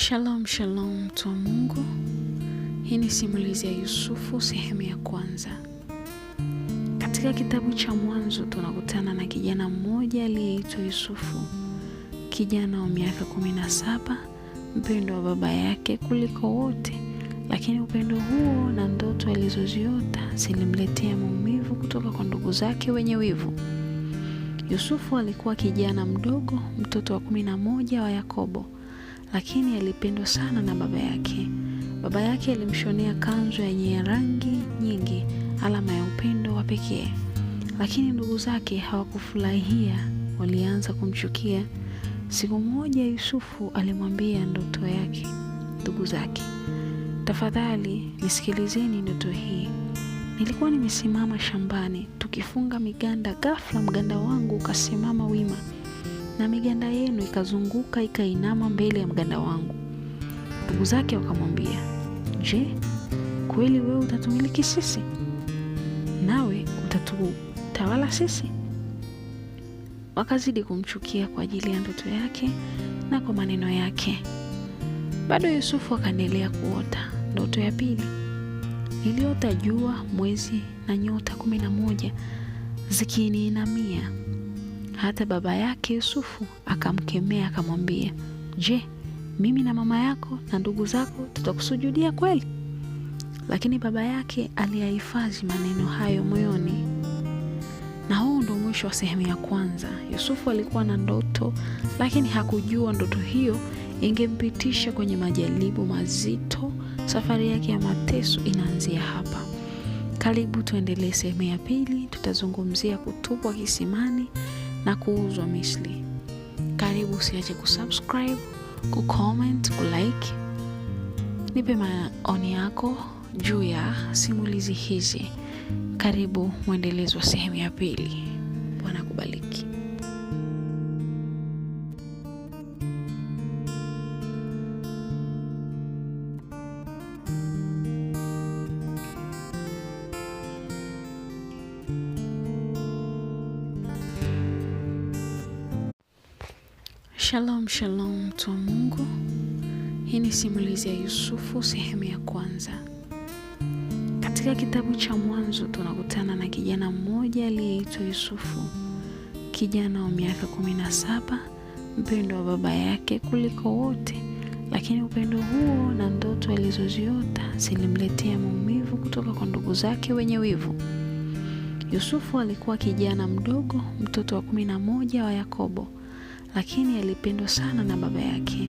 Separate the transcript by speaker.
Speaker 1: Shalom shalom, mtu wa Mungu. Hii ni simulizi ya Yusufu sehemu ya kwanza. Katika kitabu cha Mwanzo tunakutana na kijana mmoja aliyeitwa Yusufu, kijana wa miaka kumi saba, mpendo wa baba yake kuliko wote, lakini upendo huo na ndoto alizoziota zilimletea maumivu kutoka kwa ndugu zake wenye wivu. Yusufu alikuwa kijana mdogo, mtoto wa kumi moja wa Yakobo lakini alipendwa sana na baba yake. Baba yake alimshonea kanzu yenye rangi nyingi, alama ya upendo wa pekee. Lakini ndugu zake hawakufurahia, walianza kumchukia. Siku moja, Yusufu alimwambia ndoto yake ndugu zake, tafadhali nisikilizeni ndoto hii. Nilikuwa nimesimama shambani tukifunga miganda, ghafla mganda wangu ukasimama wima na miganda yenu ikazunguka ikainama mbele ya mganda wangu. Ndugu zake wakamwambia, Je, kweli wewe utatumiliki sisi nawe utatutawala sisi? Wakazidi kumchukia kwa ajili ya ndoto yake na kwa maneno yake. Bado Yusufu akaendelea kuota ndoto ya pili. Niliota jua, mwezi na nyota kumi na moja zikiniinamia hata baba yake Yusufu akamkemea akamwambia, je, mimi na mama yako na ndugu zako tutakusujudia kweli? Lakini baba yake aliyahifadhi maneno hayo moyoni. Na huu ndo mwisho wa sehemu ya kwanza. Yusufu alikuwa na ndoto, lakini hakujua ndoto hiyo ingempitisha kwenye majaribu mazito. Safari yake ya mateso inaanzia hapa. Karibu tuendelee sehemu ya pili, tutazungumzia kutupwa kisimani na kuuzwa misli Karibu, usiache kusubscribe, kucomment, kulike. Nipe maoni yako juu ya simulizi hizi. Karibu mwendelezo wa sehemu ya pili. Bwana kubaliki Shalom shalom, mtu wa Mungu. Hii ni simulizi ya Yusufu sehemu ya kwanza. Katika kitabu cha Mwanzo tunakutana na kijana mmoja aliyeitwa Yusufu, kijana wa miaka kumi saba, mpendo wa baba yake kuliko wote, lakini upendo huo na ndoto alizoziota zilimletea maumivu kutoka kwa ndugu zake wenye wivu. Yusufu alikuwa kijana mdogo, mtoto wa kumi moja wa Yakobo lakini alipendwa sana na baba yake